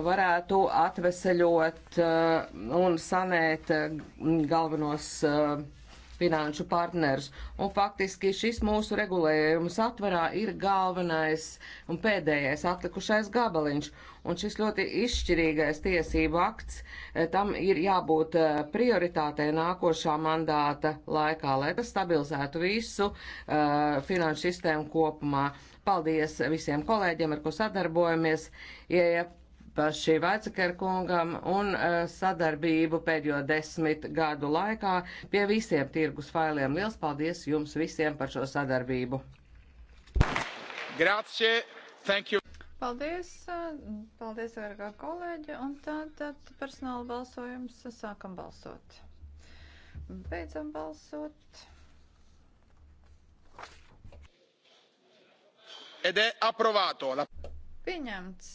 varētu atveseļot uh, un sanēt uh, galvenos uh, finanšu partnerus. Un faktiski šis mūsu regulējums atvarā ir galvenais un pēdējais atlikušais gabaliņš. Un šis ļoti izšķirīgais tiesību akts, eh, tam ir jābūt eh, prioritātei nākošā mandāta laikā, lai tas stabilizētu visu uh, finanšu sistēmu kopumā. Paldies visiem kolēģiem, ar ko sadarbojamies. Ja par šī Vaicakera kungam un eh, sadarbību pēdējo desmit gadu laikā pie visiem tirgus failiem. Liels paldies jums visiem par šo sadarbību. Grazie, thank you. Paldies, eh, paldies, vērgā kolēģi, un tātad personāla balsojums sākam balsot. Beidzam balsot. Ed è approvato. La... Pieņemts.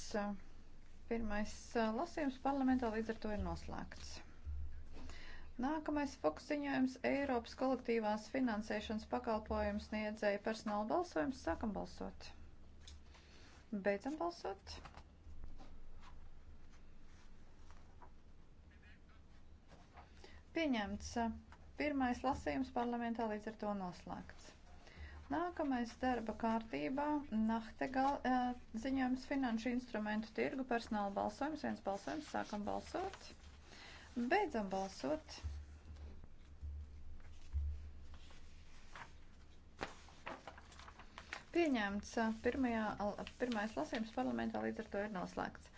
Pirmais lasījums parlamentā līdz ar to ir noslēgts. Nākamais fokusziņojums - Eiropas kolektīvās finansēšanas pakalpojums sniedzēja personāla balsojums. Sākam balsot. Beidzam balsot. Pieņemts. Pirmais lasījums parlamentā līdz ar to noslēgts. Nākamais darba kārtībā - Nahtegal eh, ziņojums finanšu instrumentu tirgu personāla balsojums. Viens balsojums, sākam balsot, beidzam balsot. Pieņemts eh, pirmajā, pirmais lasījums parlamentā, līdz ar to ir noslēgts.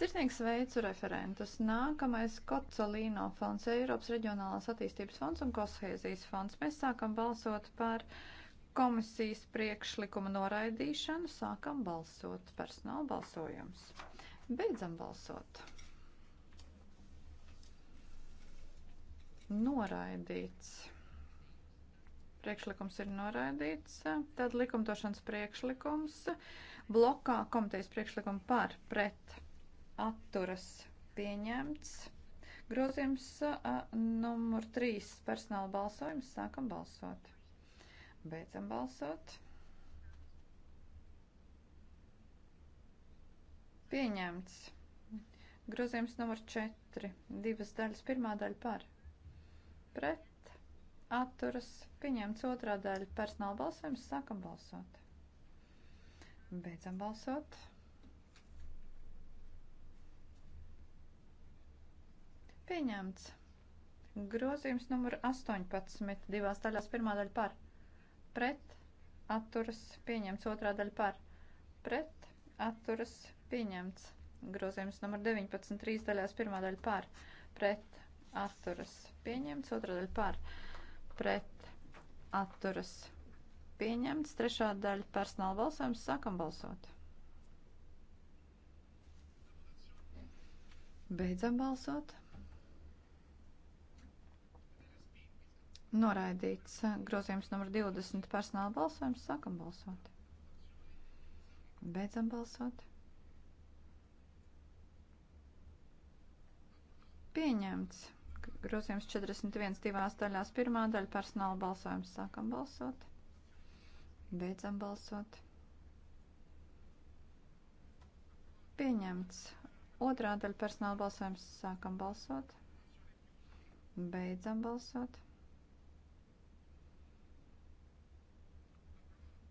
Sirsnīgs veicu referentus. Nākamais Kocolīno fonds, Eiropas reģionālās attīstības fonds un Koshēzijas fonds. Mēs sākam balsot par uh, komisijas priekšlikuma noraidīšanu. Sākam balsot. Personāla balsojums. Beidzam balsot. Noraidīts. Priekšlikums ir noraidīts. Tad likumdošanas priekšlikums blokā komitejas priekšlikumu par pret atturas pieņemts. Grozījums uh, numur 3 personāla balsojums. Sākam balsot. Beidzam balsot. Pieņemts. Grozījums numur 4. Divas daļas. Pirmā daļa par. Pret. Atturas. Pieņemts otrā daļa. Personāla balsojums. Sākam balsot. Beidzam balsot. Pieņemts. Grozījums numur 18. Divās daļās. Pirmā daļa par pret atturas pieņemts. Otrā daļa par pret atturas pieņemts. Grozījums numur 19. Trīs daļās pirmā daļa par pret atturas pieņemts. Otrā daļa par pret atturas pieņemts. Trešā daļa personāla balsojums. Sākam balsot. Beidzam balsot. Noraidīts grozījums numur 20 personāla balsojums. Sākam balsot. Beidzam balsot. Pieņemts. Grozījums 41 divās daļās. Pirmā daļa personāla balsojums. Sākam balsot. Beidzam balsot. Pieņemts. Otrā daļa personāla balsojums. Sākam balsot. Beidzam balsot.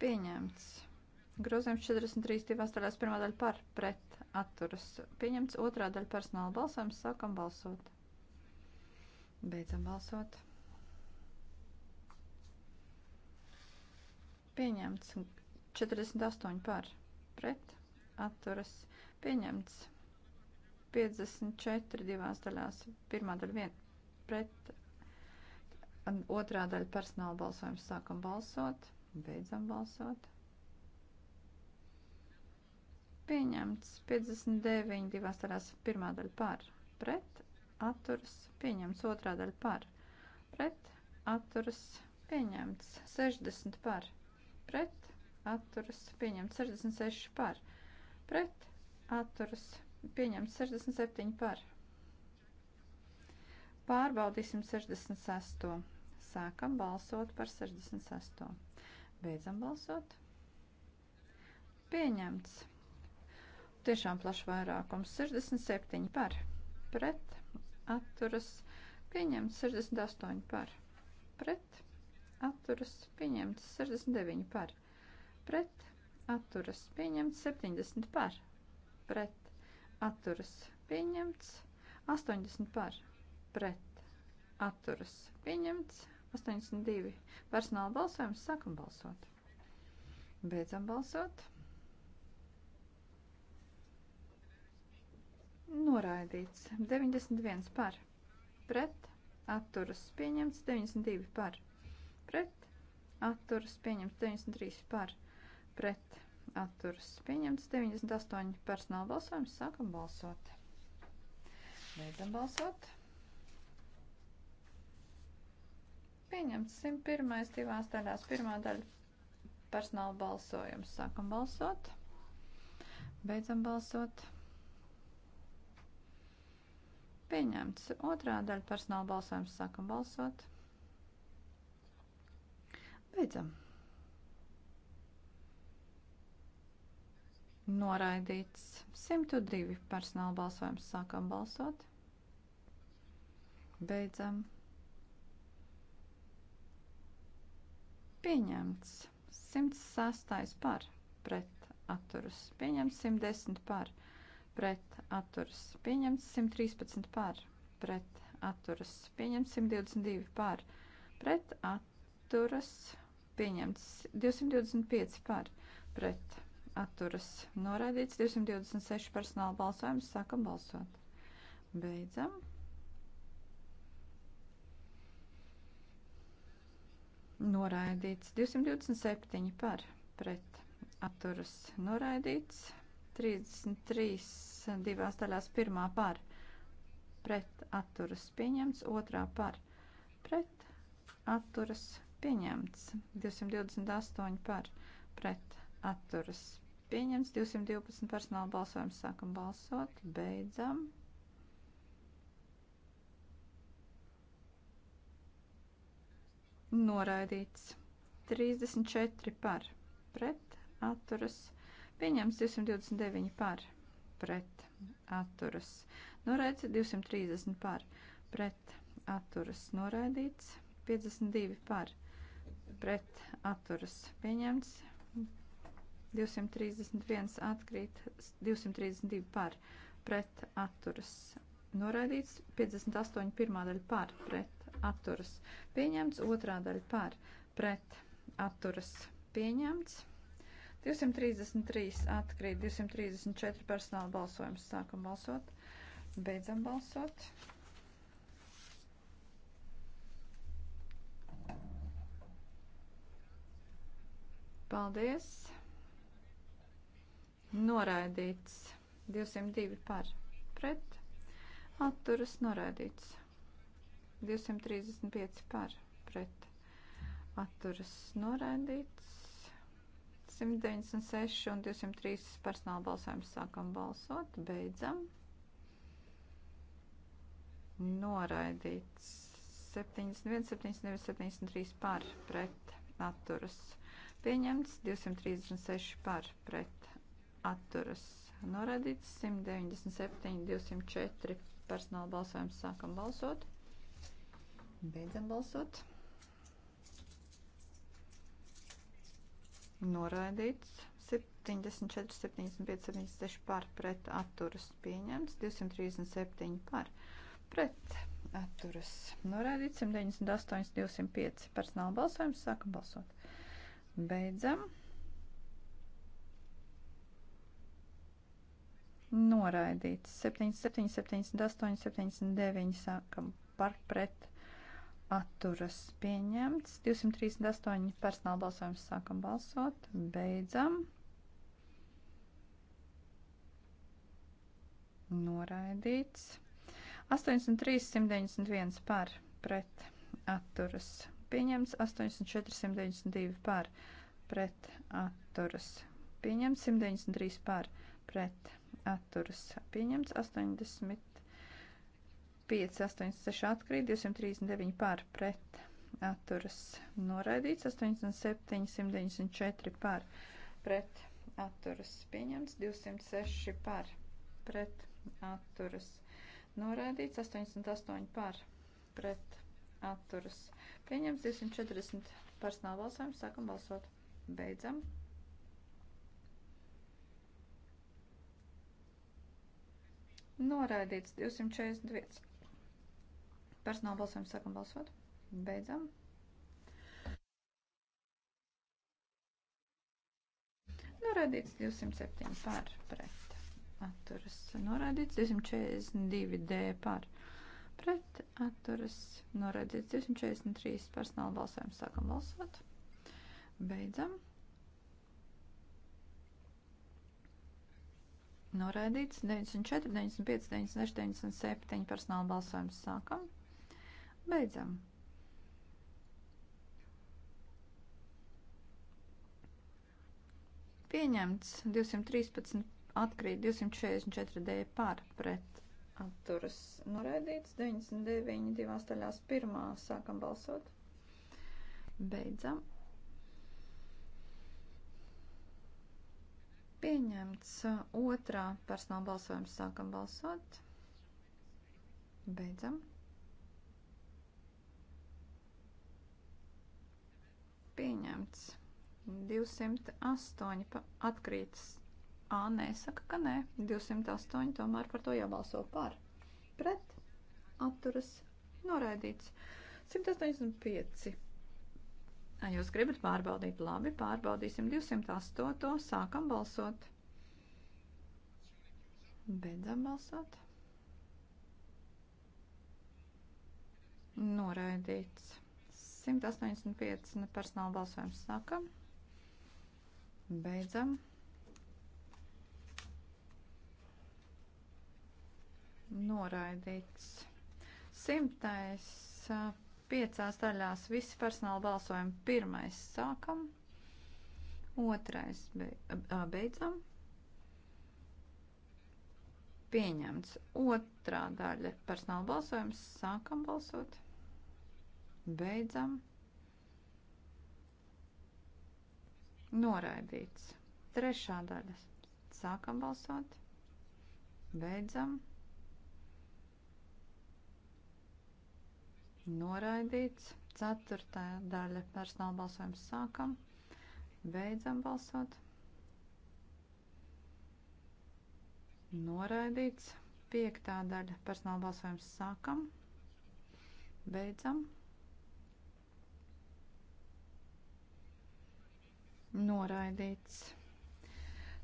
Pieņemts. Grozījums 43. divās daļās pirmā daļa par pret atturas. Pieņemts otrā daļa personāla balsojums. Sākam balsot. Beidzam balsot. Pieņemts. 48 par pret atturas. Pieņemts. 54 divās daļās. Pirmā daļa vien pret. Otrā daļa personāla balsojums. Sākam balsot. Beidzam balsot. Pieņemts 59 divās tarās pirmā daļa par, pret, atturas, pieņemts otrā daļa par, pret, atturas, pieņemts 60 par, pret, atturas, pieņemts 66 par, pret, atturas, pieņemts 67 par. Pārbaudīsim 66. Sākam balsot par 66. Beidzam balsot. Pieņemts. Tiešām plašs vairākums. 67 par. Pret. Atturas. Pieņemts. 68 par. Pret. Atturas. Pieņemts. 69 par. Pret. Atturas. Pieņemts. 70 par. Pret. Atturas. Pieņemts. 80 par. Pret. Atturas. Pieņemts. 82. Personāla balsojums. Sākam balsot. Beidzam balsot. Noraidīts. 91 par. Pret. Atturas. Pieņemts. 92 par. Pret. Atturas. Pieņemts. 93 par. Pret. Atturas. Pieņemts. 98 personāla balsojums. Sākam balsot. Beidzam balsot. Pieņemts 101. divās daļās. Pirmā daļa personāla balsojums. Sākam balsot. Beidzam balsot. Pieņemts otrā daļa personāla balsojums. Sākam balsot. Beidzam. Noraidīts 102 personāla balsojums. Sākam balsot. Beidzam. Pieņemts 106. par pret atturas. Pieņemts 110 par pret atturas. Pieņemts 113 par pret atturas. Pieņemts 122 par pret atturas. Pieņemts 225 par pret atturas. Noraidīts 226 personāla balsojums. Sākam balsot. Beidzam. noraidīts. 227 par pret atturas noraidīts. 33 divās daļās pirmā par pret atturas pieņemts, otrā par pret atturas pieņemts. 228 par pret atturas pieņemts. 212 personāla balsojums sākam balsot, beidzam. noraidīts. 34 par pret atturas pieņemts 229 par pret atturas noraidīts 230 par pret atturas noraidīts 52 par pret atturas pieņemts 231 atkrīt 232 par pret atturas noraidīts 58 pirmā daļa par pret atturas pieņemts, otrā daļa par pret atturas pieņemts. 233 atkrīt, 234 personāla balsojums. Sākam balsot, beidzam balsot. Paldies. Noraidīts. 202 par pret. Atturas noraidīts. 235 par pret atturas noraidīts. 196 un 203 personāla balsojums sākam balsot, beidzam. Noraidīts 71, 79, 73 par pret atturas. Pieņemts 236 par pret atturas. Noraidīts 197, 204 personāla balsojums sākam balsot. Beidzam balsot. Noraidīts 74, 75, 76 par pret atturas pieņemts, 237 par pret atturas noraidīts, 198, 205 personāla balsojums, sākam balsot. Beidzam. Noraidīts 77, 78, 79 sākam par pret atturas pieņemts. 238 personāla balsojums sākam balsot, beidzam. Noraidīts. 83, 191 par pret atturas pieņemts. 84, 192 par pret atturas pieņemts. 193 par pret atturas pieņemts. 80. 5, 8, 6 atkrīt, 239 pār pret atturas noraidīts, 87, 194 pār pret atturas pieņemts, 206 pār pret atturas noraidīts, 88 pār pret atturas pieņemts, 240 personāla balsojums, sākam balsot, beidzam. Noraidīts 242 Personāla balsojums sākam balsot. Beidzam. Norādīts 207 par pret. Atturas. Norādīts 242 D par pret. Atturas. Norādīts 243 personāla balsojums sākam balsot. Beidzam. Noraidīts 94, 95, 96, 97 personāla balsojums sākam. Beidzam. Pieņemts 213 atkrīt 244 D par pret atturas noraidīts 99 divās daļās pirmā sākam balsot. Beidzam. Pieņemts otrā personāla balsojums sākam balsot. Beidzam. pieņemts. 208 atkrītas. Ā, nē, saka, ka nē. 208 tomēr par to jābalso par. Pret atturas noraidīts. 185. A, jūs gribat pārbaudīt? Labi, pārbaudīsim 208. Sākam balsot. Beidzam balsot. Noraidīts. 185 personāla balsojums sākam. Beidzam. Noraidīts. Simtais piecās daļās visi personāla balsojumi. Pirmais sākam, otrais beidzam. Pieņemts. Otrā daļa personāla balsojums. Sākam balsot. Beidzam. Noraidīts. Trešā daļa. Sākam balsot. Beidzam. Noraidīts. Ceturtā daļa personāla balsojums sākam. Beidzam balsot. Noraidīts. Piektā daļa personāla balsojums sākam. Beidzam. Noraidīts.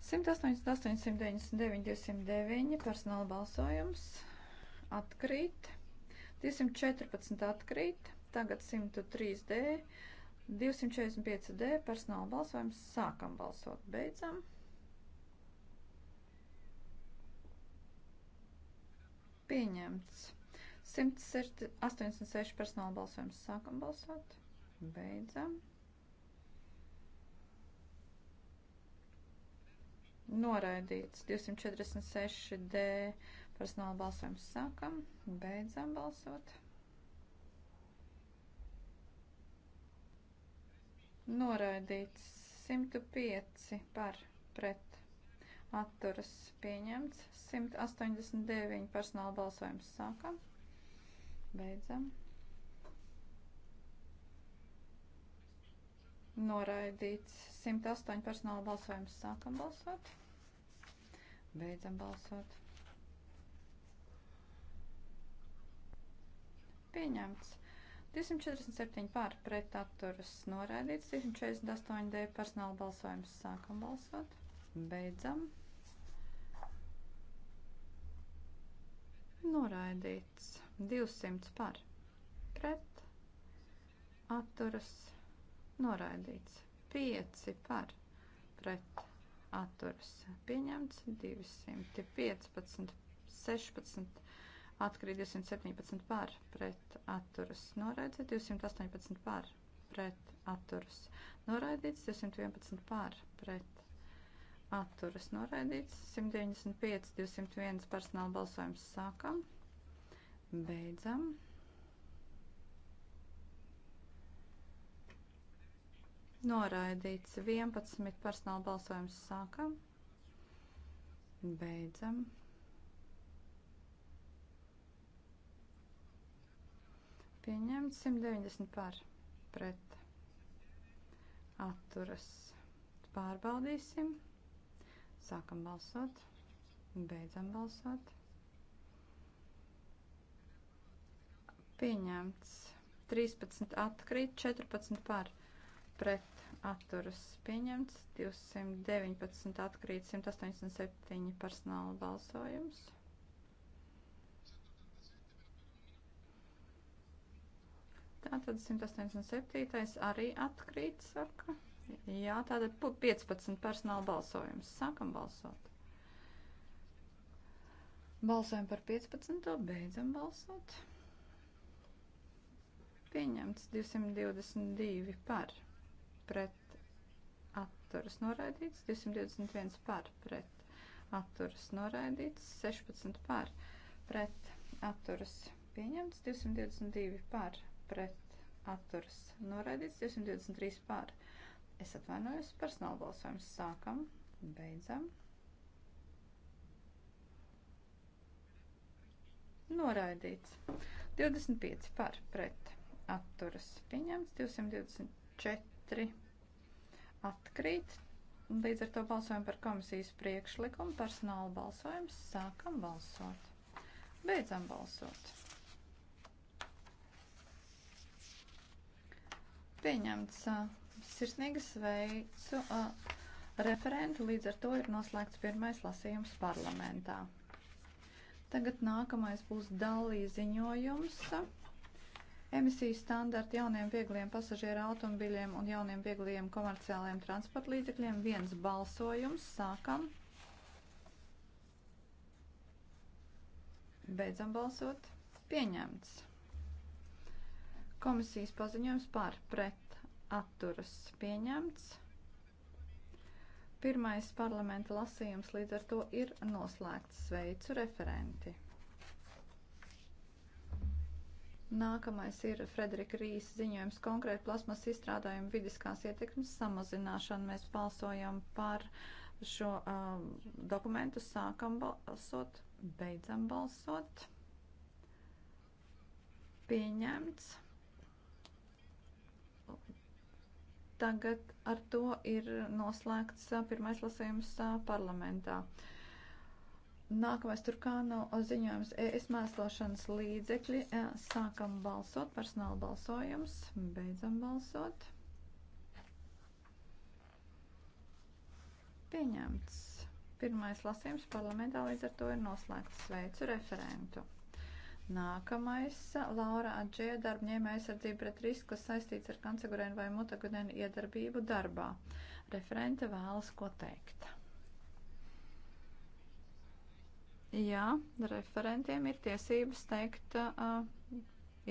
188, 199, 209 personāla balsojums atkrīt. 214 atkrīt. Tagad 103D, 245D personāla balsojums. Sākam balsot, beidzam. Pieņemts. 186 personāla balsojums. Sākam balsot, beidzam. Noraidīts 246D personāla balsojums sākam, beidzam balsot. Noraidīts 105 par pret atturas pieņemts, 189 personāla balsojums sākam, beidzam balsot. Noraidīts 108 personāla balsojums. Sākam balsot. Beidzam balsot. Pieņemts. 247 pār pret atturas noraidīts. 248 D personāla balsojums. Sākam balsot. Beidzam. Noraidīts. 200 pār pret atturas noraidīts noraidīts. 5 par pret atturas pieņemts. 215, 16 atkarīgi 217 par pret atturas noraidīts. 218 par pret atturas noraidīts. 211 par pret atturas noraidīts. 195, 201 personāla balsojums sākam. Beidzam. Noraidīts 11 personāla balsojums sākam. Beidzam. Pieņemts 190 par pret. Atturas. Pārbaudīsim. Sākam balsot. Beidzam balsot. Pieņemts 13 atkrīt, 14 par pret pret atturas pieņemts, 219 atkrīt, 187 personāla balsojums. Tātad 187 arī atkrīt, saka. Jā, tātad 15 personāla balsojums. Sākam balsot. Balsojam par 15. Beidzam balsot. Pieņemts 222 par pret atturas noraidīts, 221 par pret atturas noraidīts, 16 par pret atturas pieņemts, 222 par pret atturas noraidīts, 223 par. Es atvainojos, personāla balsojums sākam, beidzam. Noraidīts. 25 par pret atturas pieņemts, 224 4 atkrīt. Līdz ar to balsojam par komisijas priekšlikumu. Personāla balsojums. Sākam balsot. Beidzam balsot. Pieņemts. Sirsnīgi sveicu referentu. Līdz ar to ir noslēgts pirmais lasījums parlamentā. Tagad nākamais būs dalī ziņojums. Emisiju standarti jauniem viegliem pasažieru automobiļiem un jauniem viegliem komerciāliem transporta līdzekļiem. Viens balsojums. Sākam. Beidzam balsot. Pieņemts. Komisijas paziņojums par pret atturas pieņemts. Pirmais parlamenta lasījums līdz ar to ir noslēgts. Sveicu referenti! Nākamais ir Frederika Rīsa ziņojums konkrēti plasmas izstrādājumu vidiskās ietekmes samazināšana. Mēs balsojam par šo uh, dokumentu, sākam balsot, beidzam balsot. Pieņemts. Tagad ar to ir noslēgts uh, pirmais lasījums uh, parlamentā. Uh, Nākamais Turkāno ziņojums ES mēslošanas līdzekļi. E, sākam balsot, personāla balsojums, beidzam balsot. Pieņemts. Pirmais lasījums parlamentā līdz ar to ir noslēgts. Sveicu referentu. Nākamais Laura Adžēja darbņēma aizsardzība pret risku, kas saistīts ar kancerogēnu vai mutagēnu iedarbību darbā. Referente vēlas ko teikt. Jā, referentiem ir tiesības teikt uh,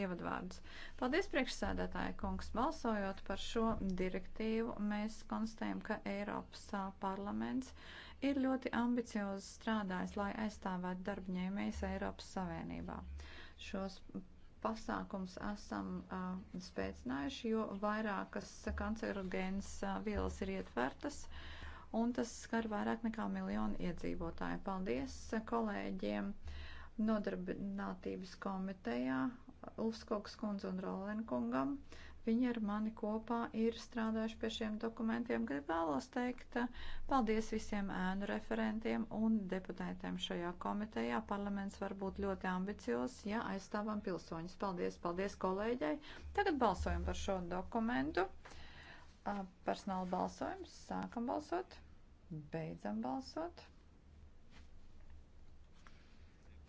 ievadvārdus. Paldies, priekšsēdētāji kungs. Balsojot par šo direktīvu, mēs konstatējam, ka Eiropas uh, parlaments ir ļoti ambiciozi strādājis, lai aizstāvētu darbņēmējus Eiropas Savienībā. Šos pasākums esam uh, spēcinājuši, jo vairākas kancerogēnas uh, vielas ir ietvertas. Uh, un tas skar vairāk nekā miljonu iedzīvotāju. Paldies kolēģiem nodarbinātības komitejā, Ulfskoks kundze un Rolenkungam. Viņi ar mani kopā ir strādājuši pie šiem dokumentiem. Gribu vēlos teikt paldies visiem ēnu referentiem un deputētiem šajā komitejā. Parlaments var būt ļoti ambiciozs, ja aizstāvam pilsoņus. Paldies, paldies kolēģei. Tagad balsojam par šo dokumentu. Uh, Personāla balsojums. Sākam balsot. Beidzam balsot.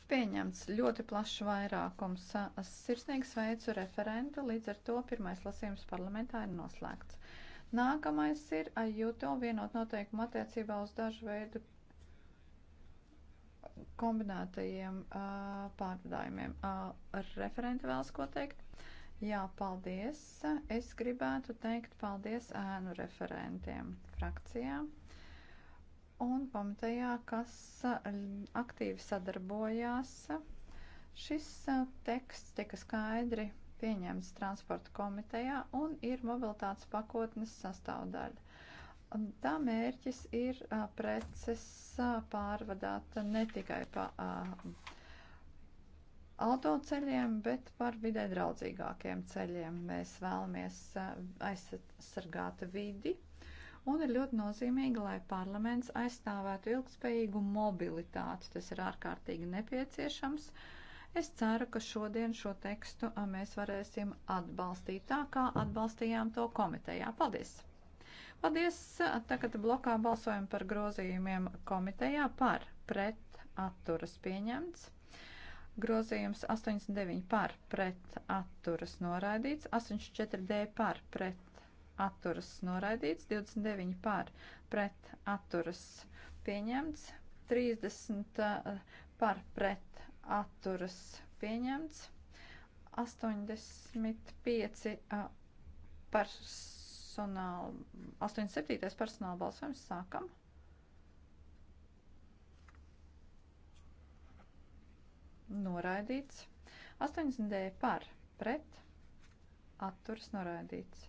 Pieņemts ļoti plašs vairākums. Sirsnīgi sveicu referentu, līdz ar to pirmais lasījums parlamentā ir noslēgts. Nākamais ir ajūto vienot noteikumu attiecībā uz dažu veidu kombinētajiem uh, pārvadājumiem. Uh, referenti vēlas ko teikt? Jā, paldies. Es gribētu teikt paldies ēnu referentiem frakcijā un pamatējā, kas eh, aktīvi sadarbojās. Šis eh, teksts tika skaidri pieņemts transporta komitejā un ir mobilitātes pakotnes sastāvdaļa. Tā mērķis ir eh, preces pārvadāt ne tikai pa. Uh, autoceļiem, bet par vidē draudzīgākiem ceļiem. Mēs vēlamies eh, aizsargāt vidi. Un ir ļoti nozīmīgi, lai parlaments aizstāvētu ilgspējīgu mobilitāti. Tas ir ārkārtīgi nepieciešams. Es ceru, ka šodien šo tekstu eh, mēs varēsim atbalstīt tā, kā atbalstījām to komitejā. Paldies! Paldies! Tagad blokā balsojam par grozījumiem komitejā par pret atturas pieņemts. Grozījums 89 par pret atturas noraidīts, 84D par pret atturas noraidīts, 29 par pret atturas pieņemts, 30 eh, par pret atturas pieņemts, 85 eh, personāla, 87. personāla balsojums sākam. noraidīts. 80D par pret atturas noraidīts.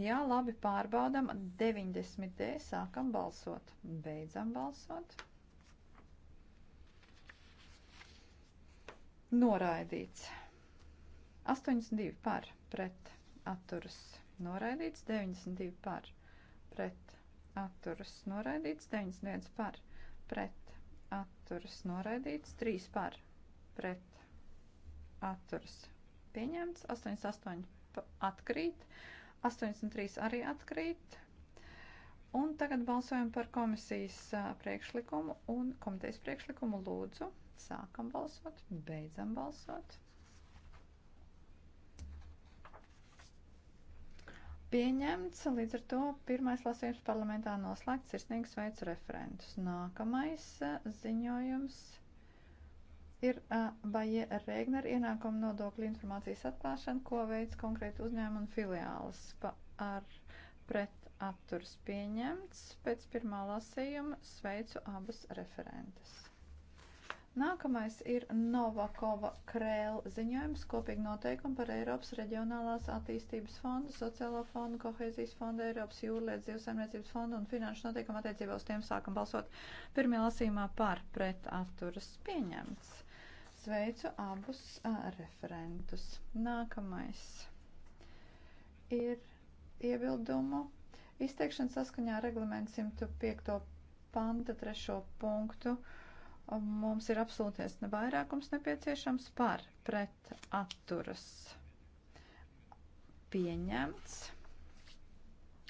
Jā, labi, pārbaudam. 90D sākam balsot. Beidzam balsot. Noraidīts. 82 par pret atturas noraidīts. 92 par pret atturas noraidīts. 91 par pret atturas noraidīts, 3 par pret atturas pieņemts, 88 atkrīt, 83 arī atkrīt. Un tagad balsojam par komisijas priekšlikumu un komitejas priekšlikumu lūdzu. Sākam balsot, beidzam balsot. Pieņemts, līdz ar to pirmais lasījums parlamentā noslēgts, sirsnīgi sveicu referentus. Nākamais ziņojums ir Baie Regner ienākuma nodokļu informācijas atklāšana, ko veids konkrēti uzņēmumi un filiālis pa, ar pret atturs pieņemts. Pēc pirmā lasījuma sveicu abas referentes. Nākamais ir Novakova Krēla ziņojums kopīgi noteikumi par Eiropas reģionālās attīstības fondu, sociālā fondu, kohēzijas fondu, Eiropas jūrlietas dzīvesaimniecības fondu un finanšu noteikumu attiecībā uz tiem sākam balsot pirmajā lasīmā par pret atturas pieņemts. Sveicu abus a, referentus. Nākamais ir iebildumu izteikšana saskaņā reglamentu 105. panta 3. punktu Mums ir absolūtais nevairākums nepieciešams par pret atturas pieņemts.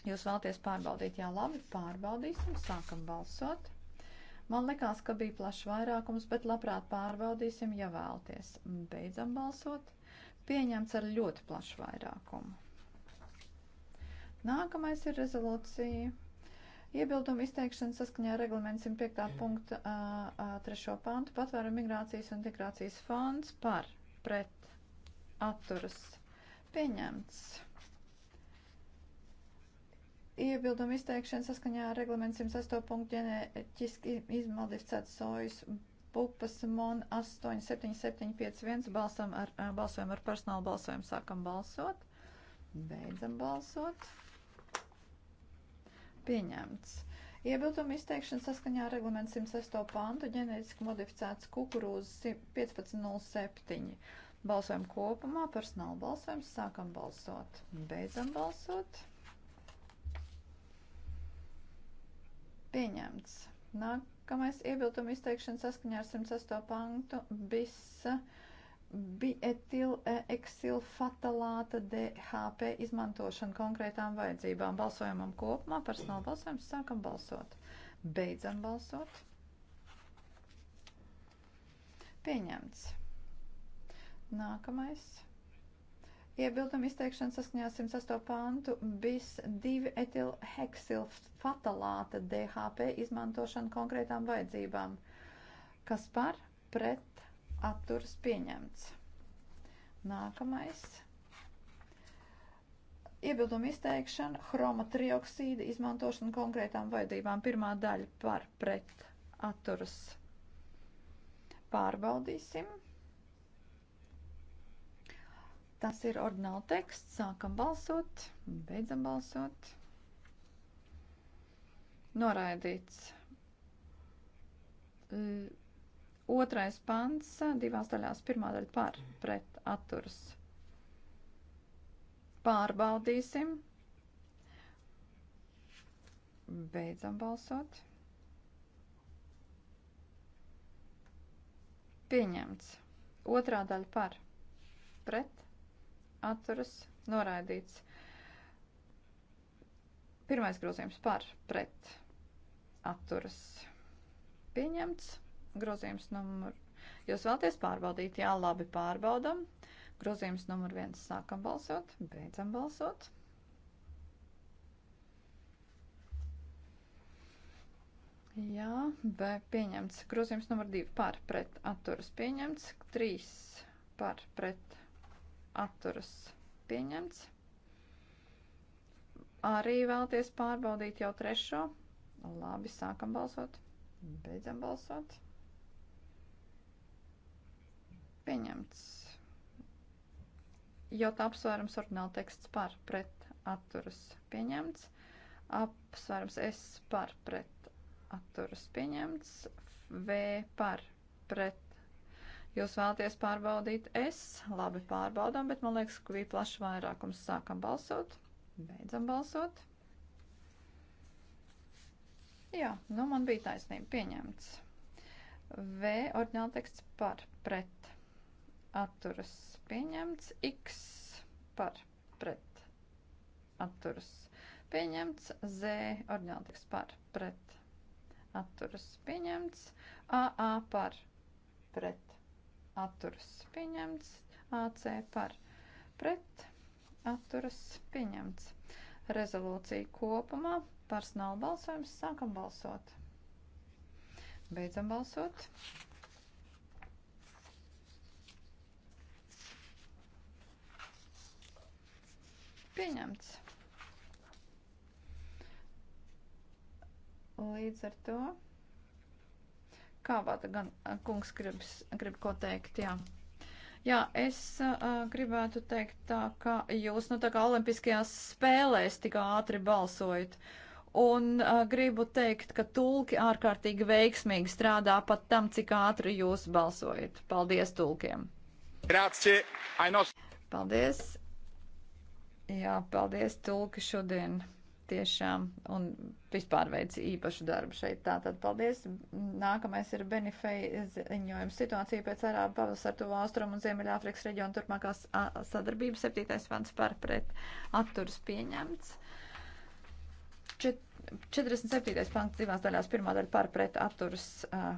Jūs vēlaties pārbaudīt? Jā, labi, pārbaudīsim, sākam balsot. Man likās, ka bija plašs vairākums, bet labprāt pārbaudīsim, ja vēlaties. Beidzam balsot. Pieņemts ar ļoti plašu vairākumu. Nākamais ir rezolūcija Iebildumu izteikšana saskaņā ar reglamentu 105. punktu 3. pantu patvēra migrācijas un integrācijas fonds par pret atturas pieņemts. Iebildumu izteikšana saskaņā ar reglamentu 108. punktu ģenētiski izmaldīts sojas pupas mon 87751 balsam ar, balsojam ar personālu balsojumu sākam balsot. Beidzam balsot. Pieņemts. Iebilduma izteikšana saskaņā ar reglamentu 106. pantu ģenētiski modificēts kukurūzas 1507. Balsojam kopumā, personāla balsojums, sākam balsot, beidzam balsot. Pieņemts. Nākamais iebilduma izteikšana saskaņā ar 106. pantu BISA bietileksilfatalāta DHP izmantošana konkrētām vajadzībām. Balsojumam kopumā, personāla balsojums, sākam balsot. Beidzam balsot. Pieņemts. Nākamais. Iebildumu izteikšana saskaņā 108 pantu bis 2 etilheksilfatalāta DHP izmantošana konkrētām vajadzībām. Kas par? Pret atturas pieņemts. Nākamais. Iebilduma izteikšana, hromatrioksīda izmantošana konkrētām vajadzībām. Pirmā daļa par pret atturas. Pārbaudīsim. Tas ir ordināla teksts. Sākam balsot, beidzam balsot. Noraidīts. L Otrais pants divās daļās. Pirmā daļa par pret atturas. Pārbaudīsim. Beidzam balsot. Pieņemts. Otrā daļa par pret atturas noraidīts. Pirmais grozījums par pret atturas pieņemts grozījums numur. Jūs vēlaties pārbaudīt? Jā, labi, pārbaudam. Grozījums numur viens sākam balsot, beidzam balsot. Jā, B pieņemts. Grozījums numur 2 par pret atturas pieņemts. 3 par pret atturas pieņemts. Arī vēlties pārbaudīt jau trešo. Labi, sākam balsot. Beidzam balsot. Pieņemts. Jota apsvērums ordināli teksts par pret atturas pieņemts. Apsvērums S par pret atturas pieņemts. V par pret. Jūs vēlaties pārbaudīt S. Labi pārbaudām, bet man liekas, ka bija plašs vairākums. Sākam balsot. Beidzam balsot. Jā, nu man bija taisnība pieņemts. V ordināli teksts par pret atturas pieņemts, X par pret atturas pieņemts, Z orģināltiks par pret atturas pieņemts, AA par pret atturas pieņemts, AC par pret atturas pieņemts. Rezolūcija kopumā personāla balsojums sākam balsot. Beidzam balsot. Pieņemts. Līdz ar to. Kā vāta gan kungs gribas, grib ko teikt, jā. Jā, es uh, gribētu teikt tā, ka jūs nu tā kā olimpiskajās spēlēs tik ātri balsojat. Un uh, gribu teikt, ka tulki ārkārtīgi veiksmīgi strādā pat tam, cik ātri jūs balsojat. Paldies tulkiem! Grācie, Ainos! Paldies! Jā, paldies, tulki šodien tiešām un vispār veids īpašu darbu šeit. Tātad paldies. Nākamais ir Benifei ziņojums situācija pēc Arābu pavasara tuvo austrumu un Ziemeļāfrikas reģionu turpmākās sadarbības. Septītais pants par pret atturs pieņemts. Čet 47. pants divās daļās. Pirmā daļa par pret atturs uh,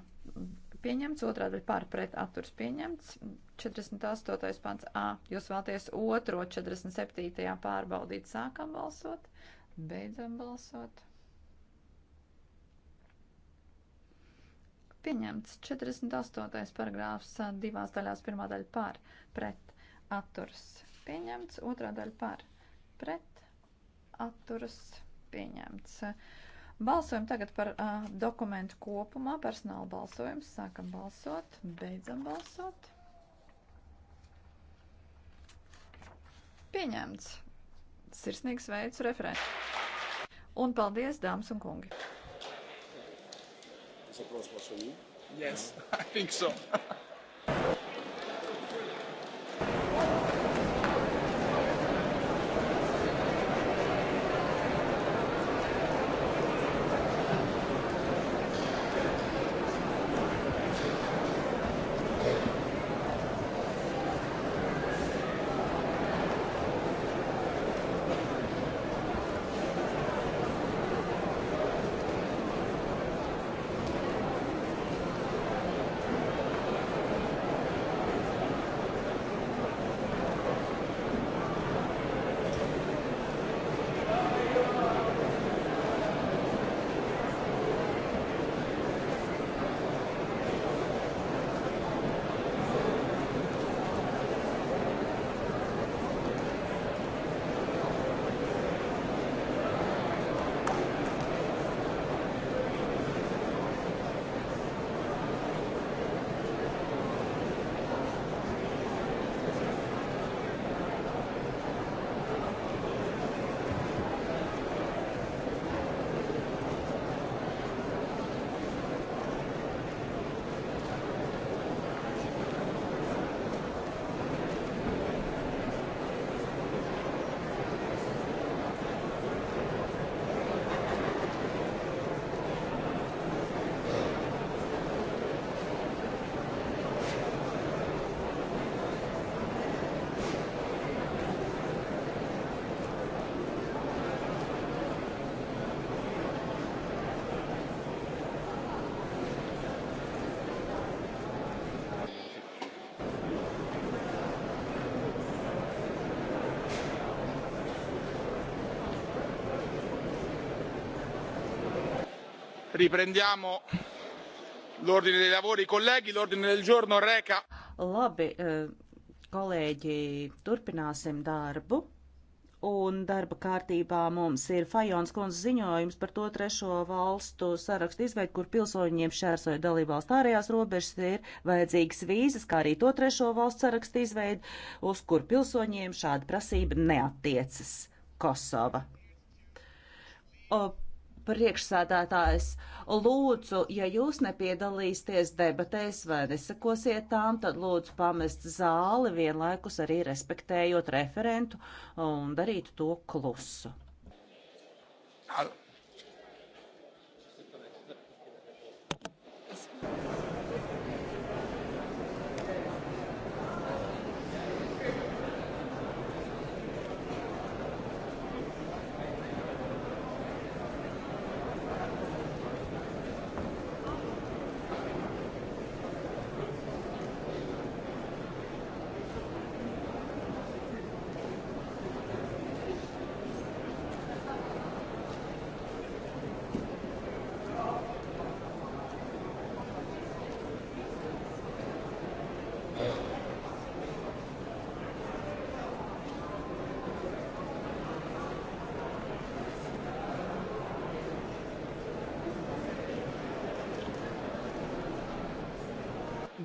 pieņemts, otrā daļa par pret atturs pieņemts. 48. pants A. Jūs vēlaties otro 47. pārbaudīt. Sākam balsot, beidzam balsot. Pieņemts 48. paragrāfs divās daļās. Pirmā daļa par, pret, atturs. Pieņemts otrā daļa par, pret, atturs. Pieņemts. Balsojam tagad par uh, dokumentu kopumā, personāla balsojums. Sākam balsot, beidzam balsot. Pieņemts. Sirsnīgs veids referēt. Un paldies, dāmas un kungi. Yes, I think so. Riprendiamo l'ordine dei lavori, colleghi. L'ordine del giorno reca. Labi, eh, kolēģi, turpināsim darbu. Un darba kārtībā mums ir Fajons kundze ziņojums par to trešo valstu sarakstu izveidu, kur pilsoņiem šērsoja dalībvalstu ārējās robežas ir vajadzīgas vīzas, kā arī to trešo valstu sarakstu izveidu, uz kur pilsoņiem šāda prasība neatiecas. Kosova. O, priekšsēdētājs, lūdzu, ja jūs nepiedalīsieties debatēs vai nesakosiet tām, tad lūdzu pamest zāli vienlaikus arī respektējot referentu un darīt to klusu. Al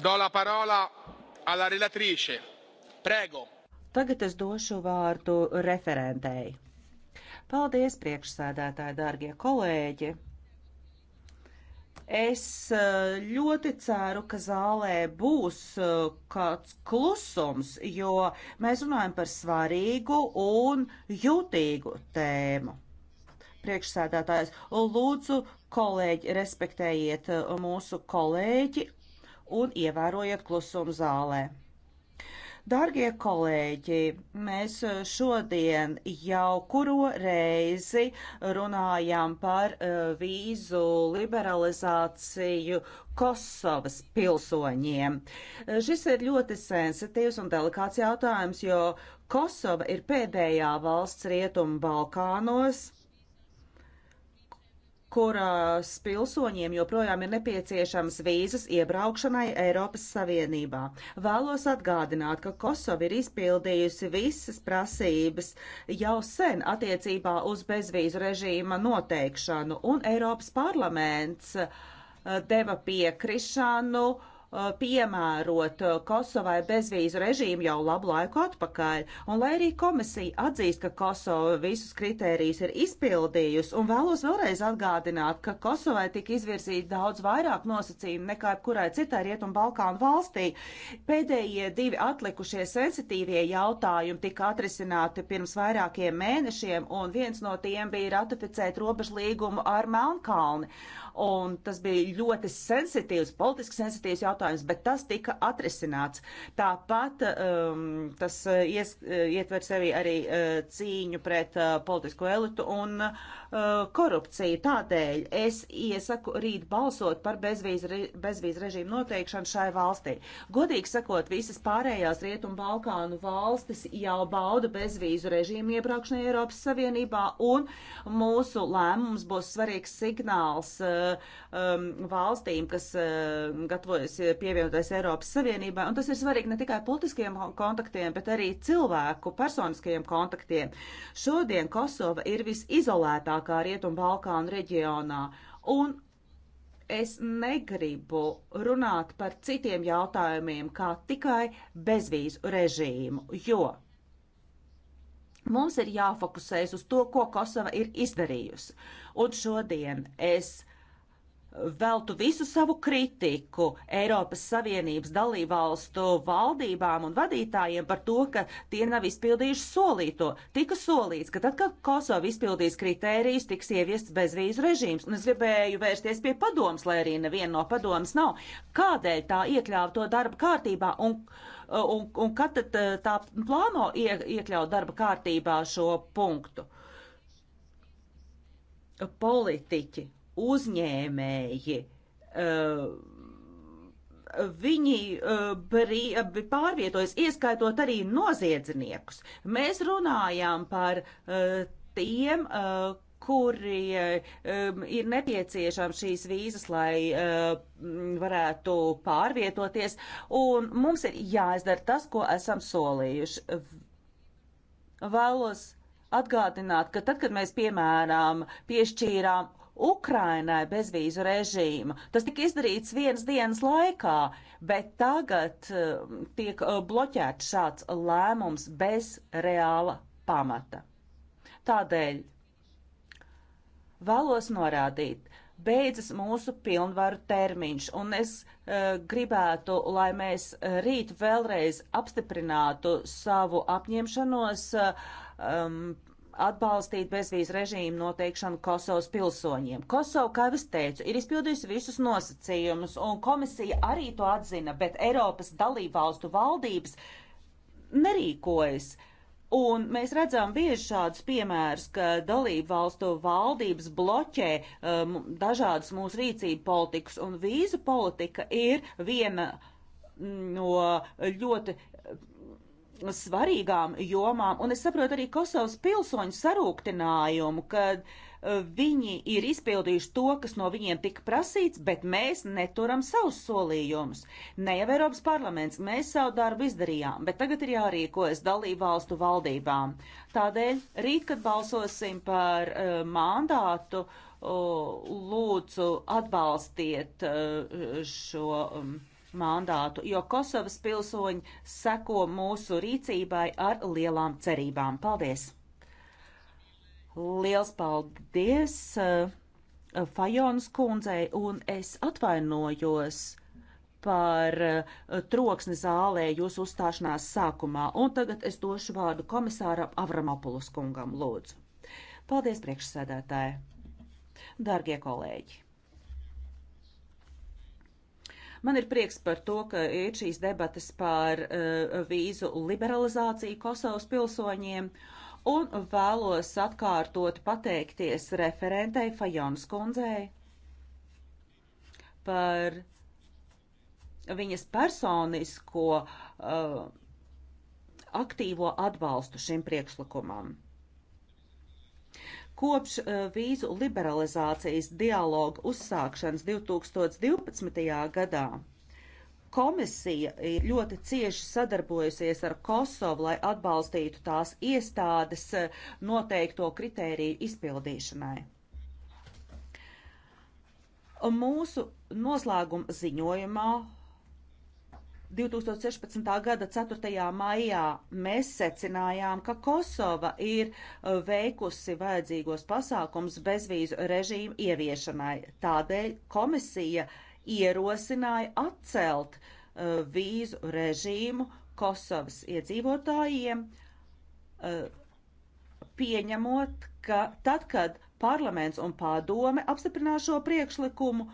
Do la parola alla relatrice. Prego. Tagad es došu vārdu referentei. Paldies, priekšsēdētāji, dārgie kolēģi! Es eh, ļoti ceru, ka zālē būs eh, kāds klusums, jo mēs runājam par svarīgu un jutīgu tēmu. Priekšsēdētājs, lūdzu, kolēģi, respektējiet eh, mūsu kolēģi un ievērojiet klusumu zālē. Dārgie kolēģi, mēs šodien jau kuro reizi runājām par uh, vīzu liberalizāciju Kosovas pilsoņiem. Uh, šis ir ļoti sensitīvs un delikāts jautājums, jo Kosova ir pēdējā valsts rietumu Balkānos kurās pilsoņiem joprojām ir nepieciešams vīzas iebraukšanai Eiropas Savienībā. Vēlos atgādināt, ka Kosova ir izpildījusi visas prasības jau sen attiecībā uz bezvīzu režīma noteikšanu, un Eiropas parlaments eh, deva piekrišanu uh, Uh, piemērot uh, Kosovai bezvīzu režīmu jau labu laiku atpakaļ, un lai arī komisija atzīst, ka Kosova visus kritērijus ir izpildījusi, un vēlos vēlreiz atgādināt, ka Kosovai tika izvirzīti daudz vairāk nosacījumu nekā jebkurai citai Rietumu Balkānu valstī. Pēdējie divi atlikušie sensitīvie jautājumi tika atrisināti pirms vairākiem mēnešiem, un viens no tiem bija ratificēt robežu līgumu ar Melnkalni un tas bija ļoti sensitīvs, politiski sensitīvs jautājums, bet tas tika atrisināts. Tāpat um, tas uh, ies, uh, ietver sevi arī uh, cīņu pret uh, politisko elitu un uh, Uh, korupciju. Tādēļ es iesaku rīt balsot par bezvīzu bezvīz režīmu noteikšanu šai valstī. Godīgi sakot, visas pārējās Rietumu Balkānu valstis jau bauda bezvīzu režīmu iebraukšanai Eiropas Savienībā, un mūsu lēmums būs svarīgs signāls uh, um, valstīm, kas um, gatavojas pievienoties Eiropas Savienībai. Un tas ir svarīgi ne tikai politiskiem kontaktiem, bet arī cilvēku personiskajiem kontaktiem. Šodien Kosova ir visizolētākā vislielākā Rietumu Balkānu reģionā. Un es negribu runāt par citiem jautājumiem, kā tikai bezvīzu režīmu, jo mums ir jāfokusējas uz to, ko Kosova ir izdarījusi. Un šodien es veltu visu savu kritiku Eiropas Savienības dalībvalstu valdībām un vadītājiem par to, ka tie nav izpildījuši solīto. Tika solīts, ka tad, kad Kosova izpildīs kritērijus, tiks ieviests bezvīzu režīms. Un es gribēju vērsties pie padomas, lai arī neviena no padomas nav. Kādēļ tā iekļāva to darba kārtībā? Un, un, un kad tad eh, tā plāno iekļaut darba kārtībā šo punktu? Politiķi uzņēmēji eh, viņi eh, brī, eh, pārvietojas, ieskaitot arī noziedzniekus. Mēs runājām par tiem, kuri um, ir nepieciešams šīs vīzas, lai uh, varētu pārvietoties, un mums ir jāizdara tas, ko esam solījuši. Vēlos atgādināt, ka tad, kad mēs piemēram piešķīrām Ukrainai bezvīzu režīmu. Tas tika izdarīts vienas dienas laikā, bet tagad eh, tiek eh, bloķēts šāds lēmums bez reāla pamata. Tādēļ vēlos norādīt, beidzas mūsu pilnvaru termiņš, un es uh, gribētu, lai mēs rīt vēlreiz apstiprinātu savu apņemšanos uh, um, atbalstīt bezvīzu režīmu noteikšanu Kosovas pilsoņiem. Kosova, kā es teicu, ir izpildījusi visus nosacījumus, un komisija arī to atzina, bet Eiropas dalībvalstu valdības nerīkojas. Un mēs redzam bieži šādus piemērus, ka dalību valstu valdības bloķē um, dažādas mūsu rīcību politikas, un vīzu politika ir viena no ļoti svarīgām jomām, un es saprotu arī Kosovas pilsoņu sarūktinājumu, kad e, viņi ir izpildījuši to, kas no viņiem tika prasīts, bet mēs neturam savus solījumus. Ne jau Eiropas parlaments, mēs savu darbu izdarījām, bet tagad ir jārīkojas dalību valstu valdībām. Tādēļ rīt, kad balsosim par uh, mandātu, uh, lūdzu atbalstiet uh, šo. Um, mandātu, jo Kosovas pilsoņi seko mūsu rīcībai ar lielām cerībām. Paldies! Liels paldies uh, Fajonas kundzei, un es atvainojos par uh, troksni zālē jūsu uzstāšanās sākumā, un tagad es došu vārdu komisāram Avramopulus kungam, lūdzu. Paldies, priekšsēdētāji! Dargie kolēģi! Man ir prieks par to, ka ir šīs debatas par uh, vīzu liberalizāciju Kosovas pilsoņiem. Un vēlos atkārtot pateikties referentei Fajons kundzei par viņas personisko uh, aktīvo atbalstu šim priekšlikumam. Kopš eh, vīzu liberalizācijas dialoga uzsākšanas 2012. gadā komisija ir ļoti cieši sadarbojusies ar Kosovu, lai atbalstītu tās iestādes eh, noteikto kritēriju izpildīšanai. Mūsu noslēguma ziņojumā 2016. gada 4. maijā mēs secinājām, ka Kosova ir uh, veikusi vajadzīgos pasākums bezvīzu režīmu ieviešanai. Tādēļ komisija ierosināja atcelt uh, vīzu režīmu Kosovas iedzīvotājiem, uh, pieņemot, ka tad, kad parlaments un pārdome apstiprinās šo priekšlikumu,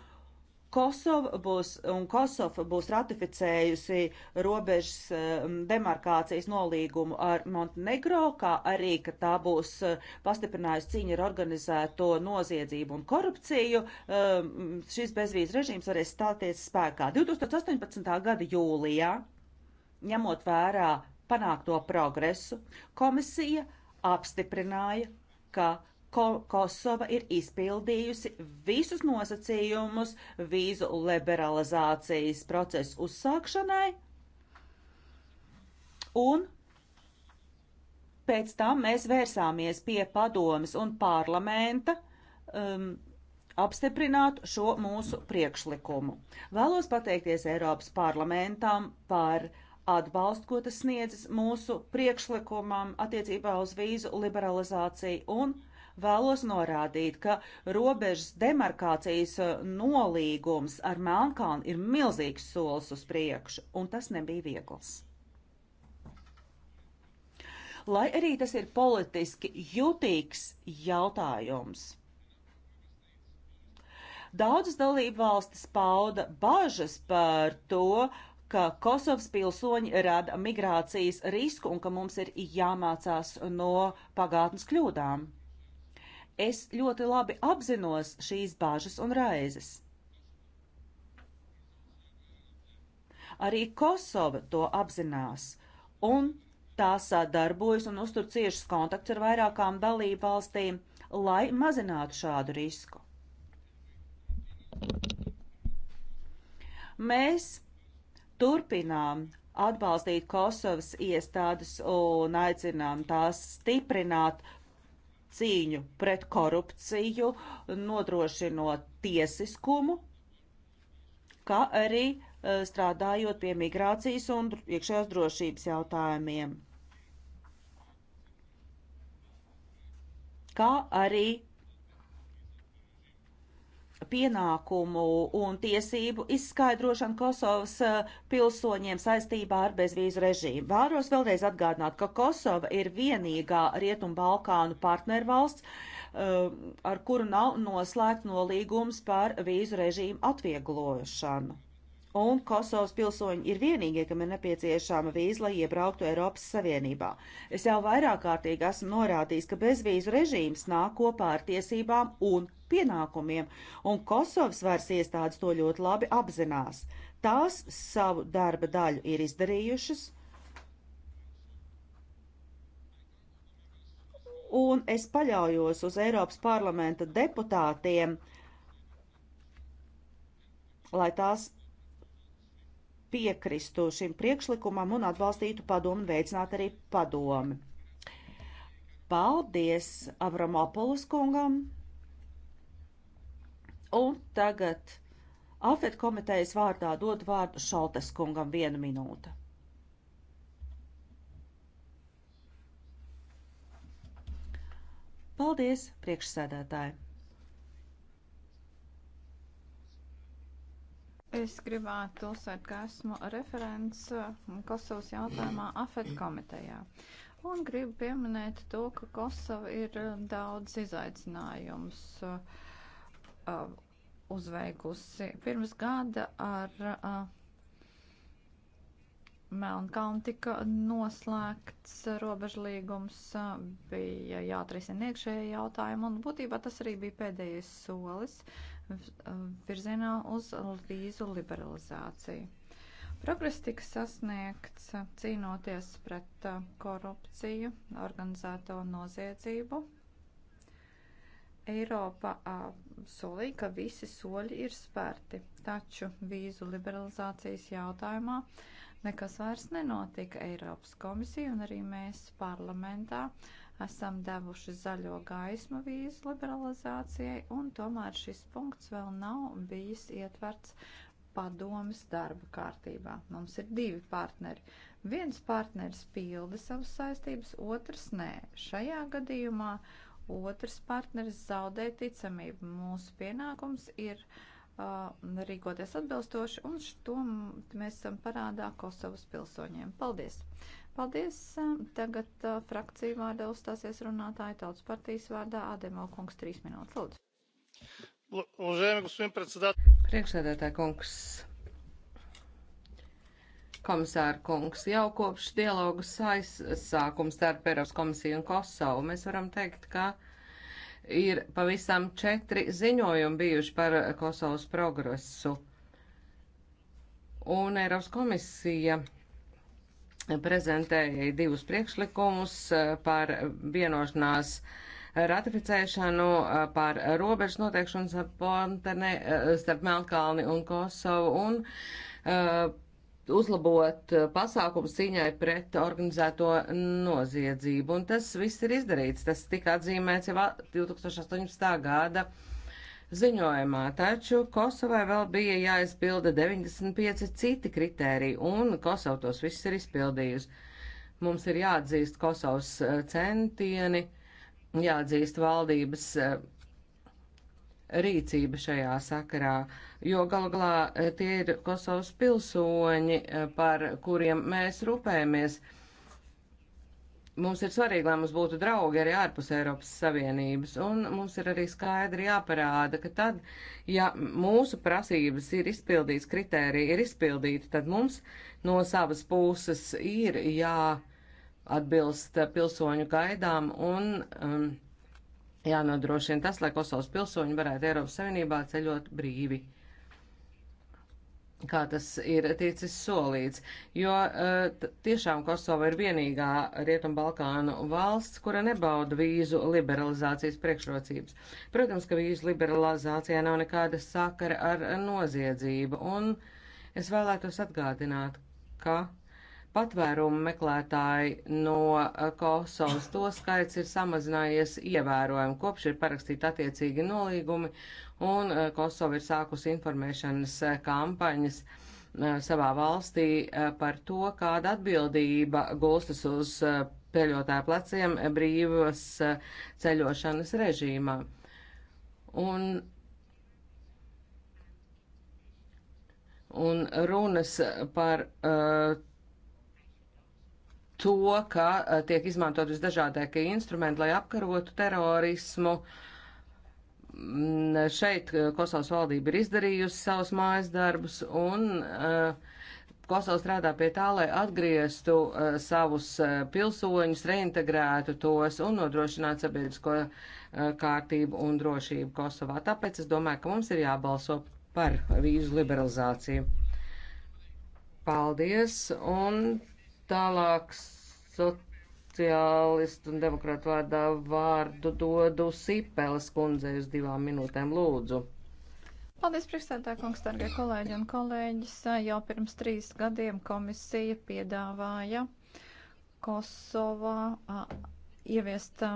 Kosova būs, un Kosova būs ratificējusi robežas um, demarkācijas nolīgumu ar Montenegro, kā arī, ka tā būs uh, pastiprinājusi cīņu ar organizēto noziedzību un korupciju. Um, šis bezvīz režīms varēs stāties spēkā 2018. gada jūlijā, ņemot vērā panākto progresu, komisija apstiprināja, ka Ko Kosova ir izpildījusi visus nosacījumus vīzu liberalizācijas procesu uzsākšanai, un pēc tam mēs vērsāmies pie padomas un parlamenta um, apstiprināt šo mūsu priekšlikumu. Vēlos pateikties Eiropas parlamentam par atbalstu, ko tas sniedzis mūsu priekšlikumam attiecībā uz vīzu liberalizāciju un uh, vēlos norādīt, ka robežas demarkācijas uh, nolīgums ar Melnkalnu ir milzīgs solis uz priekšu, un tas nebija viegls. Lai arī tas ir politiski jutīgs jautājums. Daudzas dalību valstis pauda bažas par to, ka Kosovas pilsoņi rada migrācijas risku un ka mums ir jāmācās no pagātnes kļūdām. Es ļoti labi apzinos šīs bāžas un raizes. Arī Kosova to apzinās, un tā sadarbojas un uztur ciešas kontakts ar vairākām dalību valstīm, lai mazinātu šādu risku. Mēs turpinām atbalstīt Kosovas iestādes un aicinām tās stiprināt cīņu pret korupciju, nodrošinot tiesiskumu, kā arī e, strādājot pie migrācijas un iekšējās drošības jautājumiem. Kā arī pienākumu un tiesību izskaidrošanu Kosovas eh, pilsoņiem saistībā ar bezvīzu režīmu. Vēros vēlreiz atgādināt, ka Kosova ir vienīgā Rietumbalkānu partnervalsts, eh, ar kuru nav noslēgts nolīgums par vīzu režīmu atvieglošanu un Kosovas pilsoņi ir vienīgie, kam ir nepieciešama vīza, lai iebrauktu Eiropas Savienībā. Es jau vairāk kārtīgi esmu norādījis, ka bezvīzu režīms nāk kopā ar tiesībām un pienākumiem, un Kosovas varas iestādes to ļoti labi apzinās. Tās savu darba daļu ir izdarījušas. Un es paļaujos uz Eiropas parlamenta deputātiem, lai tās piekristu šim priekšlikumam un atbalstītu padomu, veicināt arī padomi. Paldies Avramopolus kungam! Un tagad Afet komitejas vārdā dod vārdu Šaltes kungam vienu minūtu. Paldies, priekšsēdētāji! Es gribētu uzsvērt, ka esmu referents uh, Kosovas jautājumā AFET komitejā. Un gribu pieminēt to, ka Kosova ir uh, daudz izaicinājums uh, uzveikusi. Pirms gada ar Melnkalnu tika noslēgts robežlīgums, bija jāatrisina iekšējie jautājumi, un būtībā tas arī bija pēdējais solis virzienā uz vīzu liberalizāciju. Progress tika sasniegts cīnoties pret uh, korupciju, organizēto noziedzību. Eiropa uh, solīja, ka visi soļi ir spērti, taču vīzu liberalizācijas jautājumā nekas vairs nenotika. Eiropas komisija un arī mēs parlamentā uh, esam devuši zaļo gaismu vīzu liberalizācijai, un tomēr šis punkts vēl nav bijis ietverts padomas darba kārtībā. Mums ir divi partneri. Viens partneris pilda savas saistības, otrs nē. Šajā gadījumā otrs partneris zaudē ticamību. Mūsu pienākums ir uh, rīkoties atbilstoši, un to mēs esam parādā Kosovas pilsoņiem. Paldies! Paldies. Tagad uh, frakciju vārdā uzstāsies runātāja tautas partijas vārdā Ademo kungs trīs minūtes. Lūdzu. Priekšsēdētāja kungs. Komisāra kungs, jau kopš dialogu aizsākums starp Eiropas komisiju un Kosovu mēs varam teikt, ka ir pavisam četri ziņojumi bijuši par Kosovas progresu. Un Eiropas komisija prezentēja divus priekšlikumus eh, par vienošanās ratificēšanu eh, par robežas noteikšanu eh, starp Melnkalni un Kosovu un uh, uzlabot pasākumu cīņai pret organizēto noziedzību. Un tas viss ir izdarīts. Tas tika atzīmēts jau 2018. gada uh, ziņojumā, taču Kosovai vēl bija jāizpilda 95 citi kritēriji, un Kosova tos viss ir izpildījusi. Mums ir jāatzīst Kosovas eh, centieni, jāatzīst valdības eh, rīcība šajā sakarā, jo galu galā eh, tie ir Kosovas pilsoņi, par kuriem mēs rūpējamies mums ir svarīgi, lai mums būtu draugi arī ārpus Eiropas Savienības, un mums ir arī skaidri jāparāda, ka tad, ja mūsu prasības ir izpildīts, kritērija ir izpildīta, tad mums no savas puses ir jāatbilst pilsoņu gaidām un um, jānodrošina tas, lai Kosovas pilsoņi varētu Eiropas Savienībā ceļot brīvi kā tas ir ticis solīts, jo uh, tiešām Kosova ir vienīgā Rietumbalkānu valsts, kura nebauda vīzu liberalizācijas priekšrocības. Protams, ka vīzu liberalizācijā nav nekāda sakara ar noziedzību, un es vēlētos atgādināt, ka patvērumu meklētāji no eh, Kosovas. To skaits ir samazinājies ievērojami, kopš ir parakstīti attiecīgi nolīgumi, un eh, Kosova ir sākusi informēšanas eh, kampaņas savā valstī par to, kāda atbildība gulstas uz ceļotāju pleciem brīvas ceļošanas režīmā. Un un runas par uh, to, ka uh, tiek izmantot visdažādākie instrumenti, lai apkarotu terorismu. Mm, šeit uh, Kosovas valdība ir izdarījusi savus mājas darbus un uh, eh, Kosovs strādā pie tā, lai atgrieztu uh, savus uh, pilsoņus, reintegrētu tos un nodrošinātu sabiedrisko uh, kārtību un drošību Kosovā. Tāpēc es domāju, ka mums ir jābalso par vīzu liberalizāciju. Paldies! Un Tālāk sociālistu un demokrātu vārdā vārdu dodu Sipeles kundzei uz divām minūtēm lūdzu. Paldies, priekšsēdētāji, kungs, dargie kolēģi un kolēģis. Jau pirms trīs gadiem komisija piedāvāja Kosovā a, ieviest a,